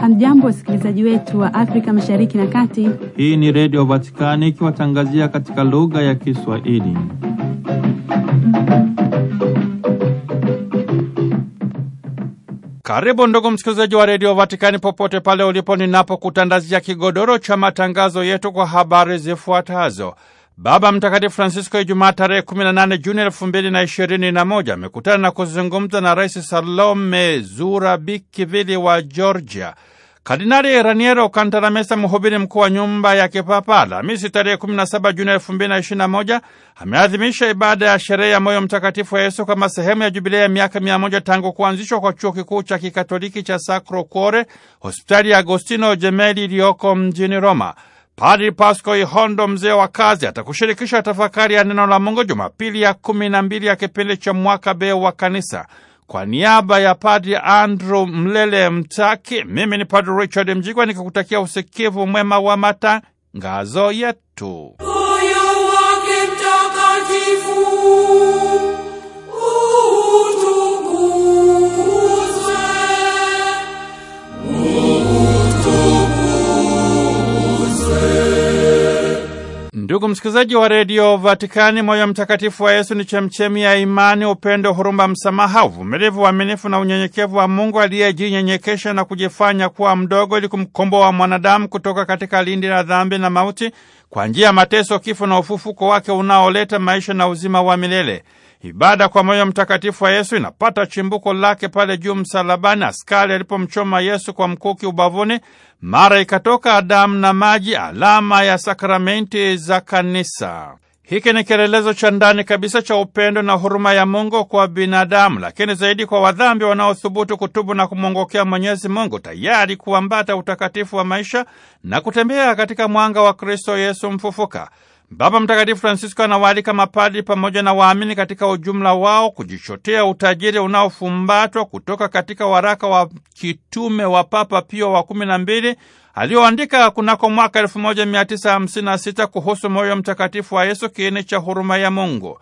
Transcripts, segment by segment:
Hamjambo, wasikilizaji wetu wa Afrika Mashariki na Kati. Hii ni Redio Vatikani ikiwatangazia katika lugha ya Kiswahili. Karibu ndugu msikilizaji wa Redio Vatikani popote pale ulipo, ninapokutandazia kigodoro cha matangazo yetu kwa habari zifuatazo. Baba Mtakatifu Francisco Ijumaa tarehe 18 Juni 2021 amekutana na kuzungumza na Rais Salome Zurabikivili wa Georgia. Kardinali Raniero Kantalamesa, mhubiri mkuu wa nyumba ya kipapa, Alhamisi tarehe 17 Juni 2021 ameadhimisha ibada ya sherehe ya moyo mtakatifu wa Yesu kama sehemu ya jubilei ya miaka 100 tangu kuanzishwa kwa chuo kikuu cha kikatoliki cha Sacro Cuore, hospitali ya Agostino Gemelli iliyoko mjini Roma. Padri Pasko Ihondo, mzee wa kazi, atakushirikisha tafakari ya neno la Mungu Jumapili ya kumi na mbili ya kipindi cha mwaka B wa Kanisa. Kwa niaba ya Padri Andrew Mlele Mtaki, mimi ni Padri Richard Mjigwa nikakutakia usikivu mwema wa matangazo yetu. wake mtakatifu Ndugu msikilizaji wa redio Vatikani, moyo mtakatifu wa Yesu ni chemchemi ya imani, upendo, huruma, msamaha, uvumilivu, uaminifu na unyenyekevu wa Mungu aliyejinyenyekesha na kujifanya kuwa mdogo ili kumkomboa mwanadamu kutoka katika lindi la dhambi na mauti kwa njia ya mateso, kifo na ufufuko wake unaoleta maisha na uzima wa milele. Ibada kwa moyo mtakatifu wa Yesu inapata chimbuko lake pale juu msalabani, askari alipomchoma Yesu kwa mkuki ubavuni, mara ikatoka damu na maji, alama ya sakramenti za kanisa. Hiki ni kielelezo cha ndani kabisa cha upendo na huruma ya Mungu kwa binadamu, lakini zaidi kwa wadhambi wanaothubutu kutubu na kumwongokea Mwenyezi Mungu, tayari kuambata utakatifu wa maisha na kutembea katika mwanga wa Kristo Yesu mfufuka. Baba Mtakatifu Francisco anawaalika mapadri pamoja na waamini katika ujumla wao kujichotea utajiri unaofumbatwa kutoka katika waraka wa kitume wa Papa Pio wa kumi na mbili aliyoandika kunako mwaka 1956 kuhusu moyo mtakatifu wa Yesu, kiini cha huruma ya Mungu.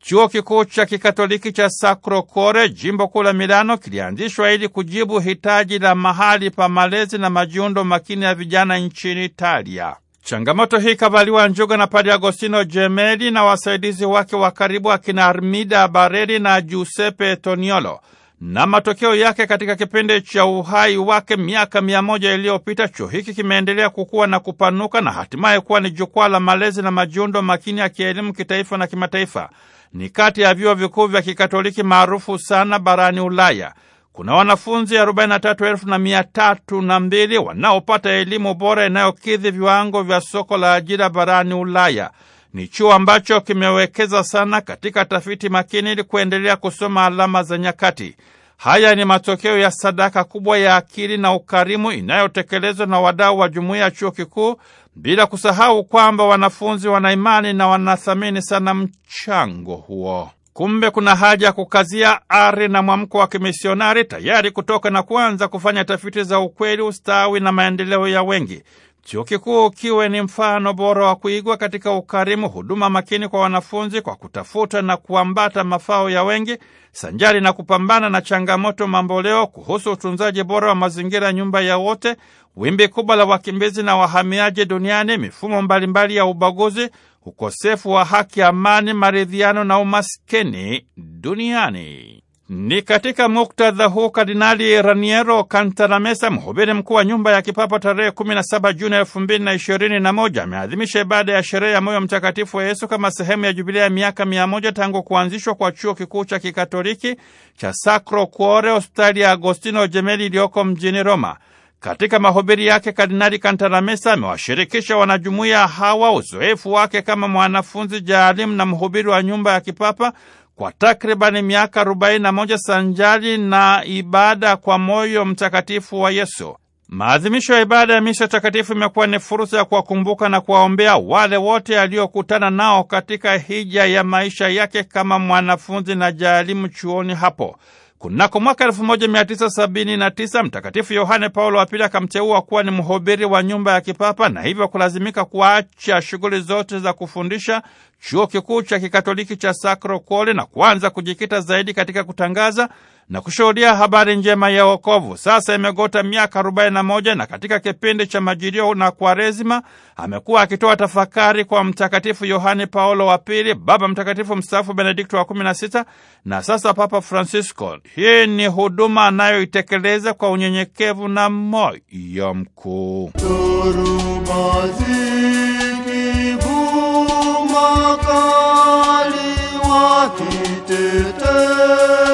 Chuo kikuu cha kikatoliki cha Sacro Cuore jimbo kuu la Milano kilianzishwa ili kujibu hitaji la mahali pa malezi na majiundo makini ya vijana nchini Italia. Changamoto hii kavaliwa njuga na Padre Agostino Jemeli na wasaidizi wake wa karibu akina Armida Bareri na Giuseppe Toniolo, na matokeo yake katika kipindi cha uhai wake miaka mia moja iliyopita, chuo hiki kimeendelea kukua na kupanuka na hatimaye kuwa ni jukwaa la malezi na majiundo makini ya kielimu kitaifa na kimataifa. Ni kati ya vyuo vikuu vya Kikatoliki maarufu sana barani Ulaya kuna wanafunzi arobaini na tatu elfu na mia tatu na mbili wanaopata elimu bora inayokidhi viwango vya soko la ajira barani Ulaya. Ni chuo ambacho kimewekeza sana katika tafiti makini ili kuendelea kusoma alama za nyakati. Haya ni matokeo ya sadaka kubwa ya akili na ukarimu inayotekelezwa na wadau wa jumuiya ya chuo kikuu, bila kusahau kwamba wanafunzi wana imani na wanathamini sana mchango huo. Kumbe kuna haja ya kukazia ari na mwamko wa kimisionari, tayari kutoka na kuanza kufanya tafiti za ukweli, ustawi na maendeleo ya wengi. Chuo kikuu kiwe ni mfano bora wa kuigwa katika ukarimu, huduma makini kwa wanafunzi, kwa kutafuta na kuambata mafao ya wengi, sanjari na kupambana na changamoto mamboleo kuhusu utunzaji bora wa mazingira, nyumba ya wote, wimbi kubwa la wakimbizi na wahamiaji duniani, mifumo mbalimbali ya ubaguzi ukosefu wa haki, amani, maridhiano na umaskini duniani. Ni katika muktadha huu Kardinali Raniero Kantalamesa, mhubiri mkuu wa nyumba ya kipapa, tarehe 17 Juni 2021 ameadhimisha ibada ya sherehe ya moyo mtakatifu wa Yesu kama sehemu ya jubilia ya miaka 100 tangu kuanzishwa kwa chuo kikuu cha kikatoliki cha Sacro Cuore, hospitali ya Agostino Gemelli iliyoko mjini Roma. Katika mahubiri yake, Kardinali kantaramesa amewashirikisha wanajumuiya hawa uzoefu wake kama mwanafunzi jaalimu na mhubiri wa nyumba ya kipapa kwa takribani miaka 41 sanjali na ibada kwa moyo mtakatifu wa Yesu. Maadhimisho ya ibada ya misa takatifu imekuwa ni fursa ya kuwakumbuka na kuwaombea wale wote aliokutana nao katika hija ya maisha yake kama mwanafunzi na jaalimu chuoni hapo. Kunako mwaka 1979 Mtakatifu Yohane Paulo wa Pili akamteua kuwa ni mhubiri wa nyumba ya kipapa na hivyo kulazimika kuacha shughuli zote za kufundisha chuo kikuu cha kikatoliki cha Sacro Cuore na kuanza kujikita zaidi katika kutangaza na kushuhudia habari njema ya wokovu. Sasa imegota miaka arobaini na moja na katika kipindi cha majilio na Kwaresima amekuwa akitoa tafakari kwa Mtakatifu Yohane Paulo wa Pili, Baba Mtakatifu mstaafu Benedikto wa kumi na sita na sasa Papa Francisco. Hii ni huduma anayoitekeleza kwa unyenyekevu na moyo mkuu. Makali wakitetea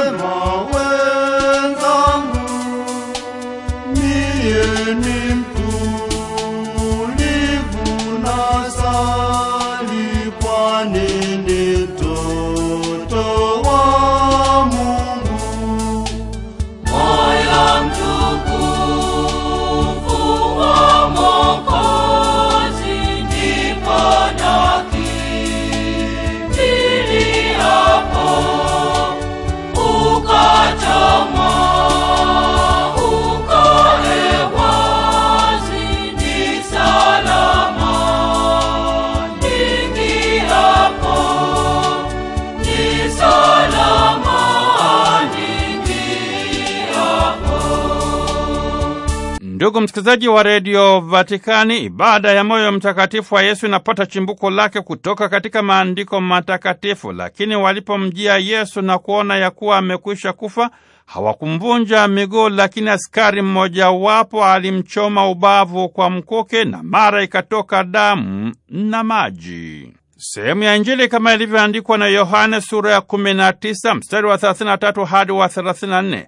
Ndugu msikilizaji wa redio Vatikani, ibada ya moyo mtakatifu wa Yesu inapata chimbuko lake kutoka katika maandiko matakatifu, lakini walipomjia Yesu na kuona ya kuwa amekwisha kufa hawakumvunja miguu, lakini askari mmojawapo alimchoma ubavu kwa mkuke na mara ikatoka damu na maji. Sehemu ya Injili kama ilivyoandikwa na Yohane sura ya 19 mstari wa 33 hadi wa 34.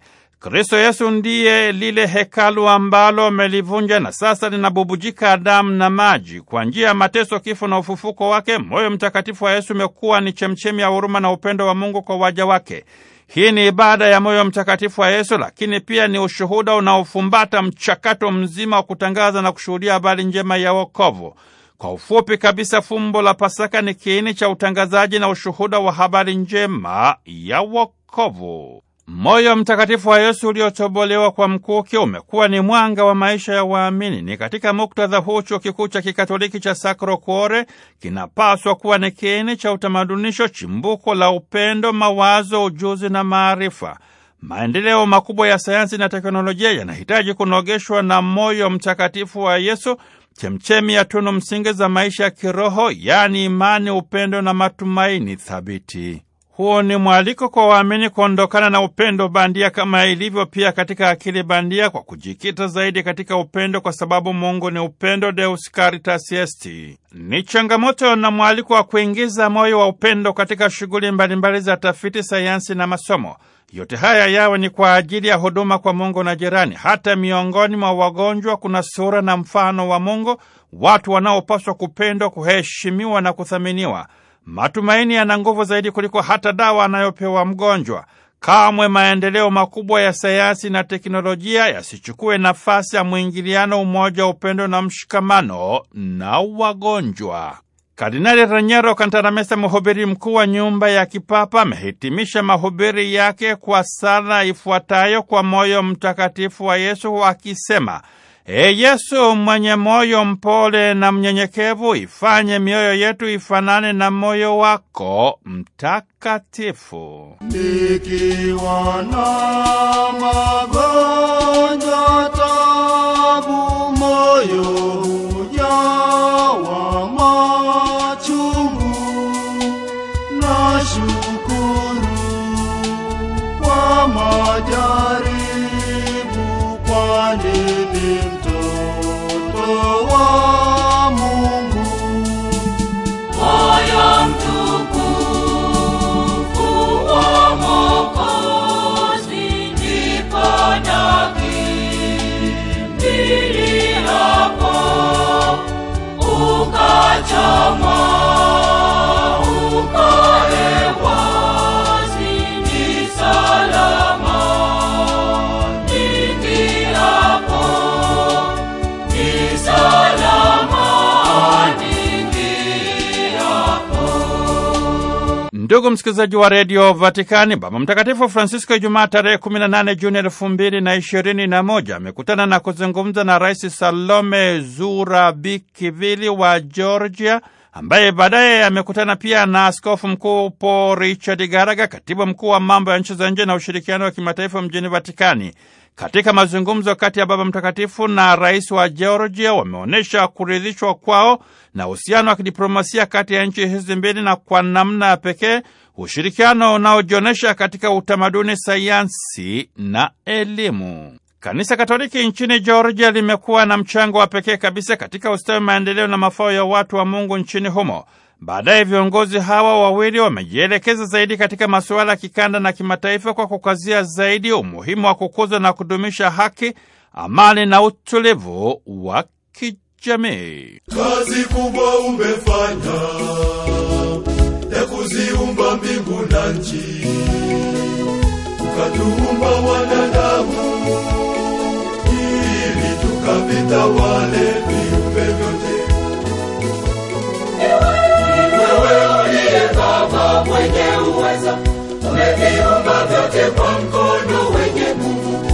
Kristo Yesu ndiye lile hekalu ambalo amelivunja na sasa linabubujika damu na maji. Kwa njia ya mateso, kifo na ufufuko wake, moyo mtakatifu wa Yesu umekuwa ni chemchemi ya huruma na upendo wa Mungu kwa waja wake. Hii ni ibada ya moyo mtakatifu wa Yesu, lakini pia ni ushuhuda unaofumbata mchakato mzima wa kutangaza na kushuhudia habari njema ya wokovu. Kwa ufupi kabisa, fumbo la Pasaka ni kiini cha utangazaji na ushuhuda wa habari njema ya wokovu. Moyo mtakatifu wa Yesu uliotobolewa kwa mkuki umekuwa ni mwanga wa maisha ya waamini. Ni katika muktadha huu chuo kikuu cha kikatoliki cha Sacro Cuore kinapaswa kuwa ni kiini cha utamadunisho, chimbuko la upendo, mawazo, ujuzi na maarifa. Maendeleo makubwa ya sayansi na teknolojia yanahitaji kunogeshwa na moyo mtakatifu wa Yesu, chemchemi ya tunu msingi za maisha ya kiroho, yaani imani, upendo na matumaini thabiti. Huo ni mwaliko kwa waamini kuondokana na upendo bandia kama ilivyo pia katika akili bandia kwa kujikita zaidi katika upendo kwa sababu Mungu ni upendo, Deus Caritas Est. Ni changamoto na mwaliko wa kuingiza moyo wa upendo katika shughuli mbalimbali za tafiti, sayansi na masomo. Yote haya yawe ni kwa ajili ya huduma kwa Mungu na jirani. Hata miongoni mwa wagonjwa kuna sura na mfano wa Mungu, watu wanaopaswa kupendwa, kuheshimiwa na kuthaminiwa. Matumaini yana nguvu zaidi kuliko hata dawa anayopewa mgonjwa. Kamwe maendeleo makubwa ya sayansi na teknolojia yasichukue nafasi ya mwingiliano, umoja, upendo na mshikamano na wagonjwa. Kardinali Raniero kantaramesa mhubiri mkuu wa nyumba ya kipapa, amehitimisha mahubiri yake kwa sala ifuatayo kwa moyo mtakatifu wa Yesu akisema: E Yesu mwenye moyo mpole na mnyenyekevu, ifanye mioyo yetu ifanane na moyo wako mtakatifu. Nikiwana Ndugu msikilizaji wa redio Vatikani, Baba Mtakatifu Francisco Ijumaa tarehe 18 Juni elfu mbili na ishirini na moja amekutana na kuzungumza na Rais Salome Zurabikivili wa Georgia, ambaye baadaye amekutana pia na askofu mkuu Paul Richard Garaga, katibu mkuu wa mambo ya nchi za nje na ushirikiano wa kimataifa mjini Vatikani. Katika mazungumzo kati ya Baba Mtakatifu na rais wa Georgia, wameonyesha kuridhishwa kwao na uhusiano wa kidiplomasia kati ya nchi hizi mbili na kwa namna ya pekee ushirikiano unaojionyesha katika utamaduni, sayansi na elimu. Kanisa Katoliki nchini Georgia limekuwa na mchango wa pekee kabisa katika ustawi, maendeleo na mafao ya watu wa Mungu nchini humo. Baadaye viongozi hawa wawili wamejielekeza zaidi katika masuala ya kikanda na kimataifa kwa kukazia zaidi umuhimu wa kukuza na kudumisha haki, amani na utulivu wa kijamii. Kazi kubwa umefanya ya kuziumba mbingu na nchi, ukatuumba wanadamu ili wale viumbe Baba mwenye uweza, umeviumba vyote kwa mkono wenye nguvu.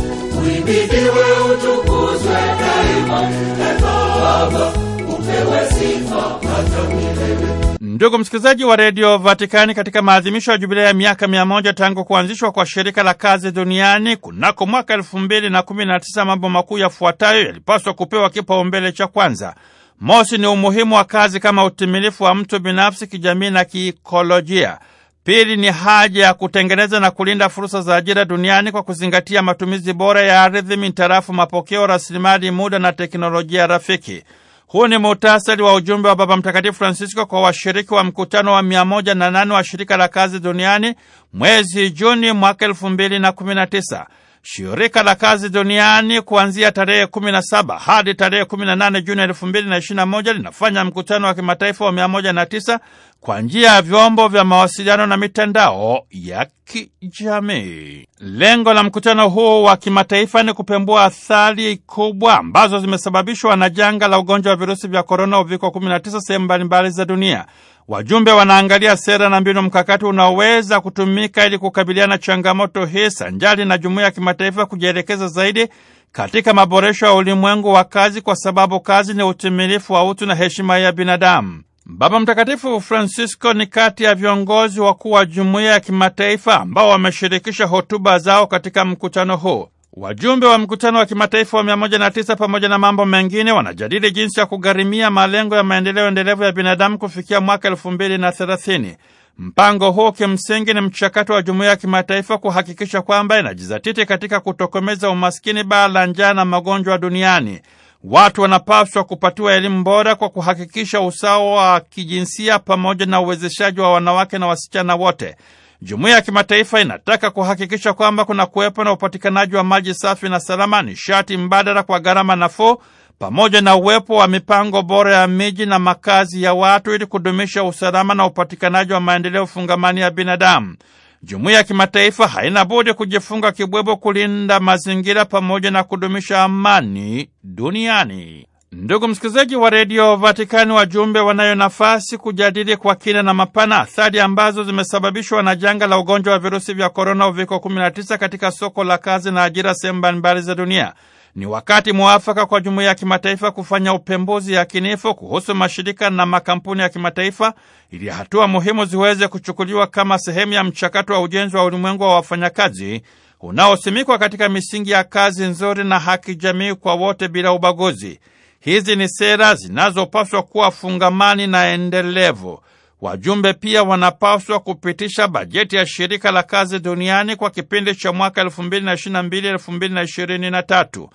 Uibidiwe, utukuzwe daima, e Baba upewe sifa hata milele. Ndugu msikilizaji wa redio Vatikani, katika maadhimisho ya jubilea ya miaka mia moja tangu kuanzishwa kwa shirika la kazi duniani kunako mwaka elfu mbili na kumi na tisa mambo makuu yafuatayo yalipaswa kupewa kipaumbele cha kwanza: Mosi ni umuhimu wa kazi kama utimilifu wa mtu binafsi, kijamii na kiikolojia. Pili ni haja ya kutengeneza na kulinda fursa za ajira duniani kwa kuzingatia matumizi bora ya ardhi, mintarafu mapokeo, rasilimali muda na teknolojia rafiki. Huu ni muhtasari wa ujumbe wa Baba Mtakatifu Francisco kwa washiriki wa mkutano wa 108 wa Shirika la Kazi Duniani mwezi Juni mwaka 2019 shirika la kazi duniani kuanzia tarehe 17 hadi tarehe 18 Juni 2021 linafanya mkutano wa kimataifa wa 109 kwa njia ya vyombo vya mawasiliano na mitandao ya kijamii. Lengo la mkutano huu wa kimataifa ni kupembua athari kubwa ambazo zimesababishwa na janga la ugonjwa wa virusi vya korona, uviko 19, sehemu mbalimbali za dunia. Wajumbe wanaangalia sera na mbinu mkakati unaoweza kutumika ili kukabiliana changamoto hii sanjali na jumuiya ya kimataifa kujielekeza zaidi katika maboresho ya ulimwengu wa kazi kwa sababu kazi ni utimilifu wa utu na heshima ya binadamu. Baba Mtakatifu Francisco ni kati ya viongozi wakuu wa jumuiya ya kimataifa ambao wameshirikisha hotuba zao katika mkutano huu. Wajumbe wa mkutano wa kimataifa wa 109 pamoja na mambo mengine wanajadili jinsi ya kugharimia malengo ya maendeleo endelevu ya binadamu kufikia mwaka 230 Mpango huo kimsingi ni mchakato wa jumuiya ya kimataifa kuhakikisha kwamba inajizatiti katika kutokomeza umaskini, baa la njaa na magonjwa duniani. Watu wanapaswa kupatiwa elimu bora kwa kuhakikisha usawa wa kijinsia pamoja na uwezeshaji wa wanawake na wasichana wote. Jumuiya ya kimataifa inataka kuhakikisha kwamba kuna kuwepo na upatikanaji wa maji safi na salama, nishati mbadala kwa gharama nafuu, pamoja na uwepo wa mipango bora ya miji na makazi ya watu ili kudumisha usalama na upatikanaji wa maendeleo fungamani ya binadamu. Jumuiya ya kimataifa haina budi kujifunga kibwebo kulinda mazingira pamoja na kudumisha amani duniani. Ndugu msikilizaji wa redio Vatikani, wajumbe wanayo nafasi kujadili kwa kina na mapana athari ambazo zimesababishwa na janga la ugonjwa wa virusi vya korona uviko 19 katika soko la kazi na ajira sehemu mbalimbali za dunia. Ni wakati mwafaka kwa jumuiya ya kimataifa kufanya upembuzi yakinifu kuhusu mashirika na makampuni ya kimataifa ili hatua muhimu ziweze kuchukuliwa kama sehemu ya mchakato wa ujenzi wa ulimwengu wa wafanyakazi unaosimikwa katika misingi ya kazi nzuri na haki jamii kwa wote bila ubaguzi. Hizi ni sera zinazopaswa kuwa fungamani na endelevu. Wajumbe pia wanapaswa kupitisha bajeti ya shirika la kazi duniani kwa kipindi cha mwaka 2022-2023.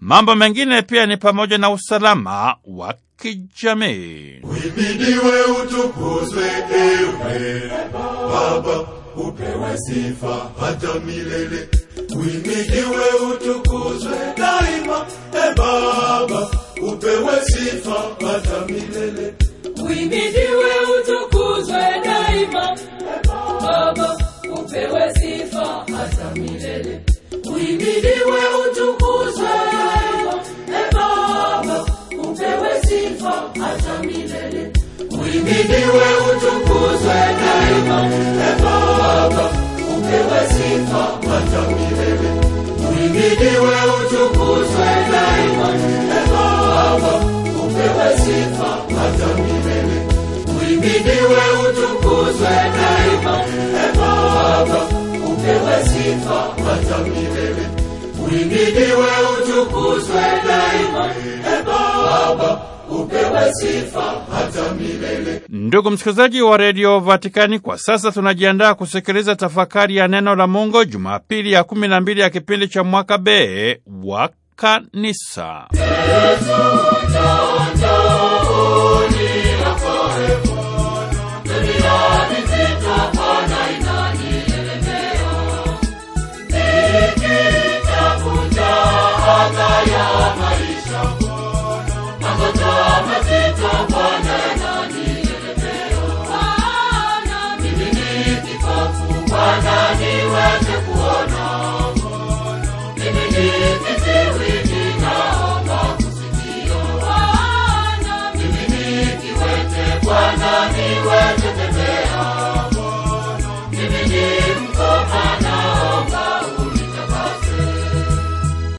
Mambo mengine pia ni pamoja na usalama wa kijamii. Uibidiwe, utukuzwe, ewe Baba, upewe sifa hata milele. Uibidiwe, utukuzwe daima, e Baba upewe sifa hata milele, uhimidiwe utukuzwe daima. Baba, upewe sifa hata milele, uhimidiwe utukuzwe sifa hata milele, uhimidiwe utukuzwe daima. E Baba, upewe sifa hata milele, uhimidiwe utukuzwe daima. E Baba, upewe sifa hata milele, utukuzwe daima. E Baba, upewe sifa hata milele, utukuzwe daima. E Baba, upewe sifa hata milele. Ndugu msikilizaji wa redio Vatikani, kwa sasa tunajiandaa kusikiliza tafakari ya neno la Mungu, Jumapili ya kumi na mbili ya kipindi cha mwaka B wa kanisa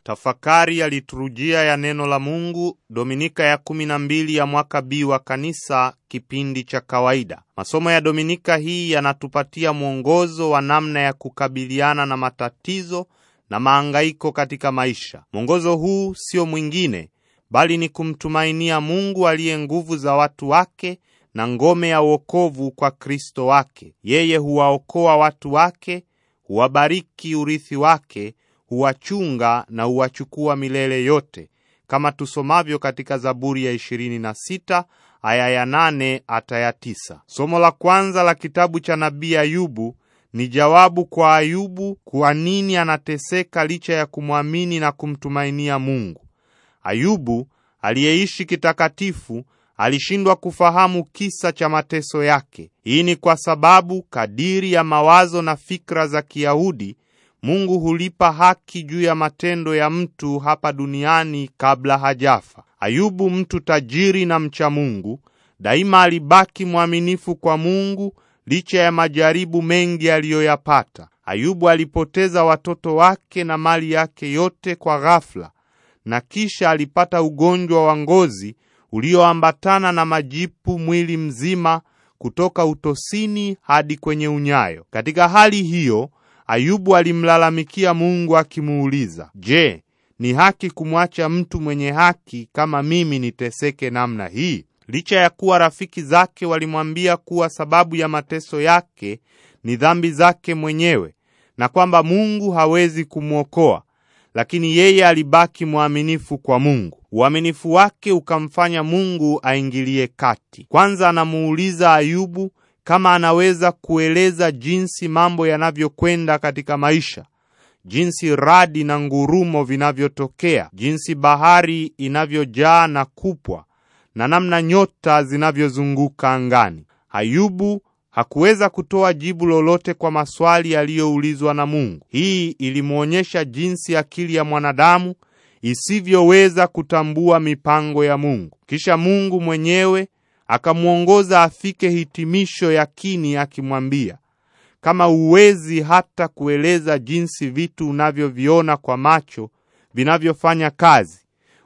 Tafakari ya liturujia ya neno la Mungu, dominika ya kumi na mbili ya mwaka B wa Kanisa, kipindi cha kawaida. Masomo ya dominika hii yanatupatia mwongozo wa namna ya kukabiliana na matatizo na maangaiko katika maisha. Mwongozo huu sio mwingine bali ni kumtumainia Mungu aliye nguvu za watu wake na ngome ya wokovu kwa Kristo wake. Yeye huwaokoa watu wake, huwabariki urithi wake huwachunga na huwachukua milele yote, kama tusomavyo katika Zaburi ya 26 aya ya 8 hata ya tisa. Somo la kwanza la kitabu cha nabii Ayubu ni jawabu kwa Ayubu kwa nini anateseka licha ya kumwamini na kumtumainia Mungu. Ayubu aliyeishi kitakatifu alishindwa kufahamu kisa cha mateso yake. Hii ni kwa sababu kadiri ya mawazo na fikra za Kiyahudi Mungu hulipa haki juu ya matendo ya mtu hapa duniani kabla hajafa. Ayubu, mtu tajiri na mcha Mungu, daima alibaki mwaminifu kwa Mungu licha ya majaribu mengi aliyoyapata. Ayubu alipoteza watoto wake na mali yake yote kwa ghafla, na kisha alipata ugonjwa wa ngozi ulioambatana na majipu mwili mzima kutoka utosini hadi kwenye unyayo. Katika hali hiyo Ayubu alimlalamikia Mungu akimuuliza, Je, ni haki kumwacha mtu mwenye haki kama mimi niteseke namna hii? Licha ya kuwa rafiki zake walimwambia kuwa sababu ya mateso yake ni dhambi zake mwenyewe na kwamba Mungu hawezi kumwokoa, lakini yeye alibaki mwaminifu kwa Mungu. Uaminifu wake ukamfanya Mungu aingilie kati. Kwanza anamuuliza Ayubu kama anaweza kueleza jinsi mambo yanavyokwenda katika maisha, jinsi radi na ngurumo vinavyotokea, jinsi bahari inavyojaa na kupwa, na namna nyota zinavyozunguka angani. Ayubu hakuweza kutoa jibu lolote kwa maswali yaliyoulizwa na Mungu. Hii ilimwonyesha jinsi akili ya mwanadamu isivyoweza kutambua mipango ya Mungu. Kisha Mungu mwenyewe akamwongoza afike hitimisho yakini, akimwambia kama uwezi hata kueleza jinsi vitu unavyoviona kwa macho vinavyofanya kazi,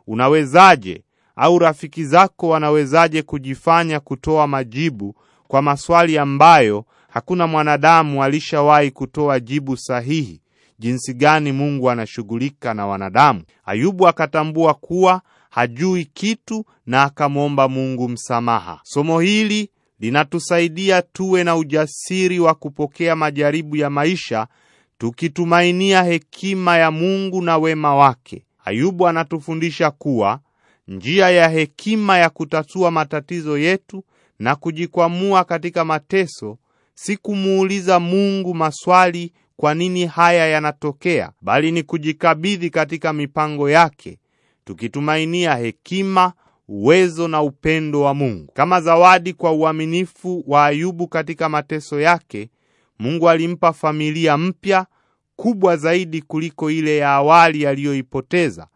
unawezaje au rafiki zako wanawezaje kujifanya kutoa majibu kwa maswali ambayo hakuna mwanadamu alishawahi kutoa jibu sahihi, jinsi gani Mungu anashughulika na wanadamu? Ayubu akatambua kuwa hajui kitu na akamwomba Mungu msamaha. Somo hili linatusaidia tuwe na ujasiri wa kupokea majaribu ya maisha tukitumainia hekima ya Mungu na wema wake. Ayubu anatufundisha kuwa njia ya hekima ya kutatua matatizo yetu na kujikwamua katika mateso si kumuuliza Mungu maswali kwa nini haya yanatokea, bali ni kujikabidhi katika mipango yake tukitumainia hekima, uwezo na upendo wa Mungu. Kama zawadi kwa uaminifu wa Ayubu katika mateso yake, Mungu alimpa familia mpya kubwa zaidi kuliko ile ya awali aliyoipoteza,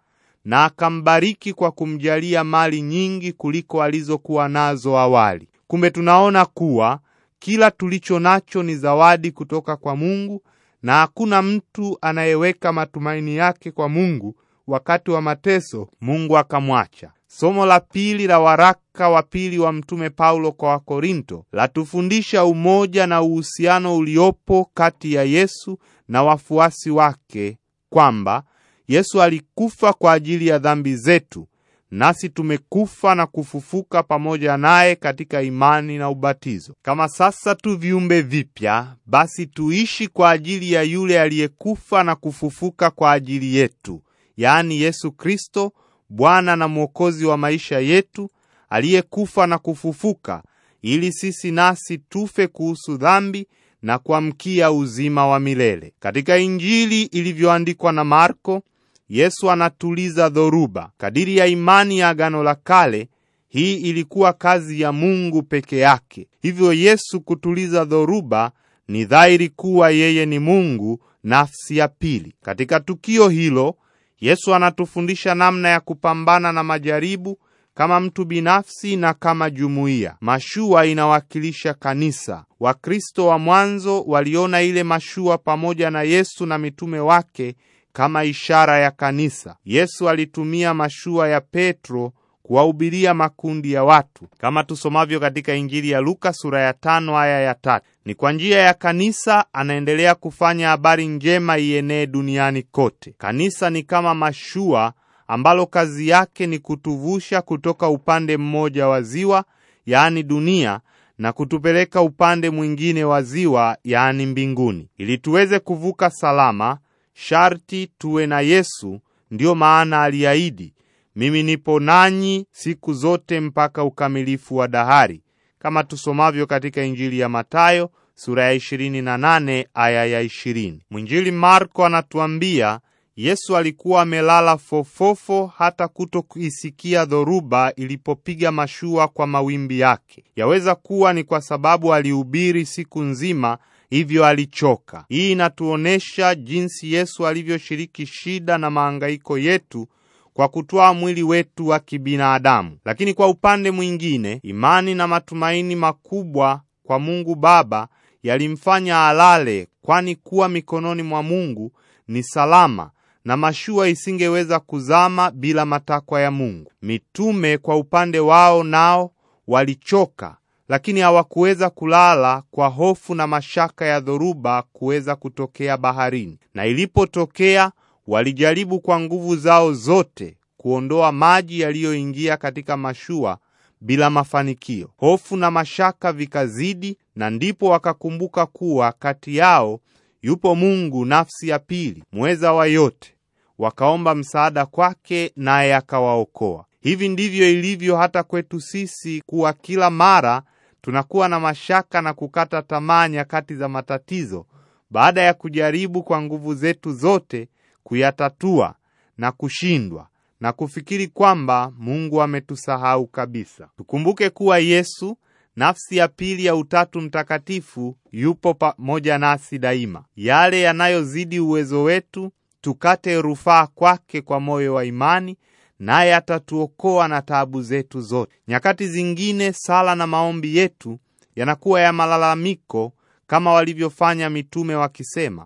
na akambariki kwa kumjalia mali nyingi kuliko alizokuwa nazo awali. Kumbe tunaona kuwa kila tulicho nacho ni zawadi kutoka kwa Mungu na hakuna mtu anayeweka matumaini yake kwa Mungu wakati wa mateso Mungu akamwacha. Somo la pili la waraka wa pili wa Mtume Paulo kwa Wakorinto latufundisha umoja na uhusiano uliopo kati ya Yesu na wafuasi wake kwamba Yesu alikufa kwa ajili ya dhambi zetu, nasi tumekufa na kufufuka pamoja naye katika imani na ubatizo. Kama sasa tu viumbe vipya, basi tuishi kwa ajili ya yule aliyekufa na kufufuka kwa ajili yetu yaani Yesu Kristo, Bwana na Mwokozi wa maisha yetu, aliyekufa na kufufuka ili sisi nasi tufe kuhusu dhambi na kuamkia uzima wa milele. Katika Injili ilivyoandikwa na Marko, Yesu anatuliza dhoruba. Kadiri ya imani ya Agano la Kale, hii ilikuwa kazi ya Mungu peke yake. Hivyo Yesu kutuliza dhoruba ni dhahiri kuwa yeye ni Mungu nafsi ya pili. Katika tukio hilo Yesu anatufundisha namna ya kupambana na majaribu kama mtu binafsi na kama jumuiya. Mashua inawakilisha kanisa. Wakristo wa mwanzo waliona ile mashua pamoja na Yesu na mitume wake kama ishara ya kanisa. Yesu alitumia mashua ya Petro kuwahubiria makundi ya watu kama tusomavyo katika Injili ya Luka sura ya tano aya ya tatu. Ni kwa njia ya kanisa anaendelea kufanya habari njema ienee duniani kote. Kanisa ni kama mashua ambalo kazi yake ni kutuvusha kutoka upande mmoja wa ziwa, yaani dunia na kutupeleka upande mwingine wa ziwa yaani mbinguni. Ili tuweze kuvuka salama, sharti tuwe na Yesu. Ndiyo maana aliahidi mimi nipo nanyi siku zote mpaka ukamilifu wa dahari, kama tusomavyo katika Injili ya Matayo sura ya 28 aya ya 20. Mwinjili Marko anatuambia Yesu alikuwa amelala fofofo hata kutokuisikia dhoruba ilipopiga mashua kwa mawimbi yake. Yaweza kuwa ni kwa sababu alihubiri siku nzima, hivyo alichoka. Hii inatuonesha jinsi Yesu alivyoshiriki shida na maangaiko yetu kwa kutwaa mwili wetu wa kibinadamu, lakini kwa upande mwingine, imani na matumaini makubwa kwa Mungu Baba yalimfanya alale, kwani kuwa mikononi mwa Mungu ni salama na mashua isingeweza kuzama bila matakwa ya Mungu. Mitume kwa upande wao nao walichoka, lakini hawakuweza kulala kwa hofu na mashaka ya dhoruba kuweza kutokea baharini, na ilipotokea walijaribu kwa nguvu zao zote kuondoa maji yaliyoingia katika mashua bila mafanikio. Hofu na mashaka vikazidi, na ndipo wakakumbuka kuwa kati yao yupo Mungu, nafsi ya pili, mweza wa yote. Wakaomba msaada kwake, naye akawaokoa. Hivi ndivyo ilivyo hata kwetu sisi, kuwa kila mara tunakuwa na mashaka na kukata tamaa nyakati za matatizo, baada ya kujaribu kwa nguvu zetu zote kuyatatua na kushindwa na kufikiri kwamba Mungu ametusahau kabisa. Tukumbuke kuwa Yesu, nafsi ya pili ya Utatu Mtakatifu, yupo pamoja nasi daima. Yale yanayozidi uwezo wetu tukate rufaa kwake kwa moyo wa imani, naye atatuokoa na taabu zetu zote. Nyakati zingine sala na maombi yetu yanakuwa ya malalamiko, kama walivyofanya mitume wakisema,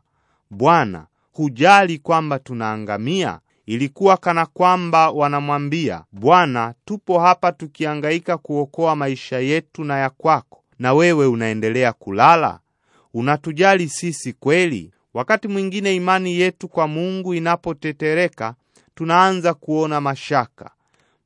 Bwana, hujali kwamba tunaangamia? Ilikuwa kana kwamba wanamwambia Bwana, tupo hapa tukiangaika kuokoa maisha yetu na ya kwako, na wewe unaendelea kulala? Unatujali sisi kweli? Wakati mwingine imani yetu kwa Mungu inapotetereka, tunaanza kuona mashaka.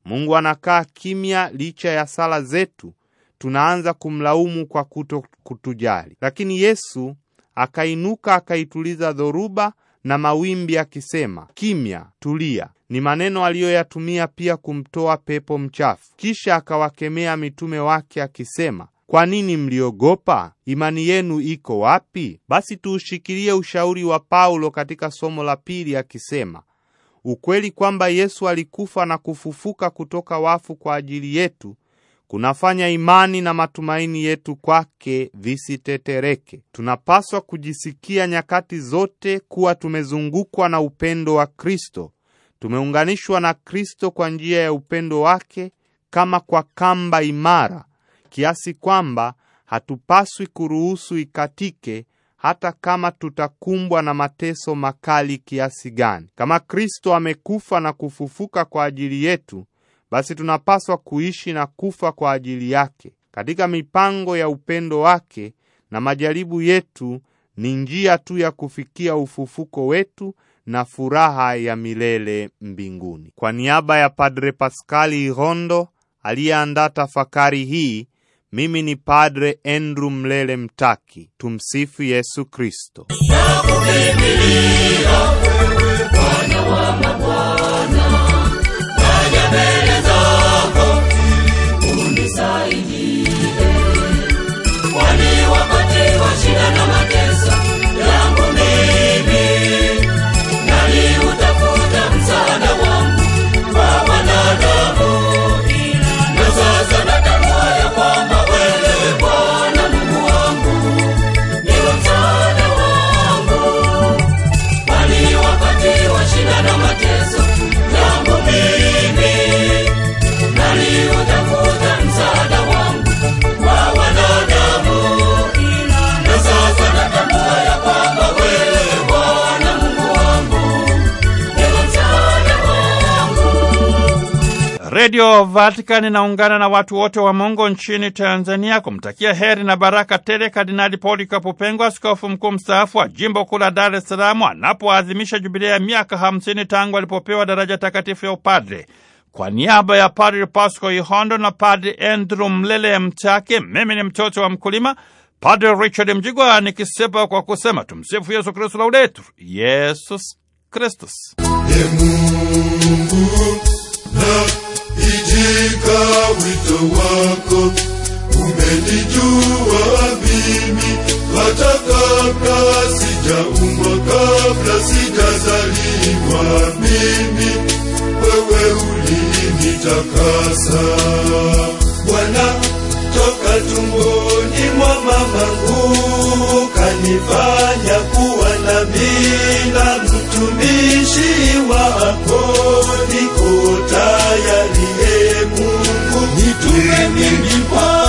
Mungu anakaa kimya licha ya sala zetu, tunaanza kumlaumu kwa kuto kutujali. Lakini Yesu akainuka akaituliza dhoruba na mawimbi akisema, kimya, tulia. Ni maneno aliyoyatumia pia kumtoa pepo mchafu. Kisha akawakemea mitume wake akisema, kwa nini mliogopa? Imani yenu iko wapi? Basi tuushikilie ushauri wa Paulo katika somo la pili akisema ukweli kwamba Yesu alikufa na kufufuka kutoka wafu kwa ajili yetu kunafanya imani na matumaini yetu kwake visitetereke. Tunapaswa kujisikia nyakati zote kuwa tumezungukwa na upendo wa Kristo, tumeunganishwa na Kristo kwa njia ya upendo wake kama kwa kamba imara, kiasi kwamba hatupaswi kuruhusu ikatike hata kama tutakumbwa na mateso makali kiasi gani. Kama Kristo amekufa na kufufuka kwa ajili yetu, basi tunapaswa kuishi na kufa kwa ajili yake. Katika mipango ya upendo wake na majaribu yetu ni njia tu ya kufikia ufufuko wetu na furaha ya milele mbinguni. Kwa niaba ya Padre Paskali Irondo aliyeandaa tafakari hii, mimi ni Padre Andrew Mlele Mtaki. Tumsifu Yesu Kristo. Redio Vatican inaungana na watu wote wa Mungu nchini Tanzania kumtakia heri na baraka tele Kardinali Polikapu Pengo, askofu mkuu mstaafu wa jimbo kuu la Dar es Salaam, anapoadhimisha jubilia ya miaka hamsini tangu alipopewa daraja takatifu ya upadre. Kwa niaba ya Padri Pasco Ihondo na Padri Andrew Mlele Mtake, mimi ni mtoto wa mkulima Padre Richard Mjigwa nikisepa kwa kusema tumsifu Yesu Kristu, laudetur Yesus Kristus. Nimesikia wito wako, umenijua mimi hata kabla sijaumbwa, kabla sijazaliwa mimi, wewe ulinitakasa Bwana toka tumboni mwa mamangu, kanifanya kuwa nabii na mtumishi wako oh, niko tayari, Mungu nitume mimi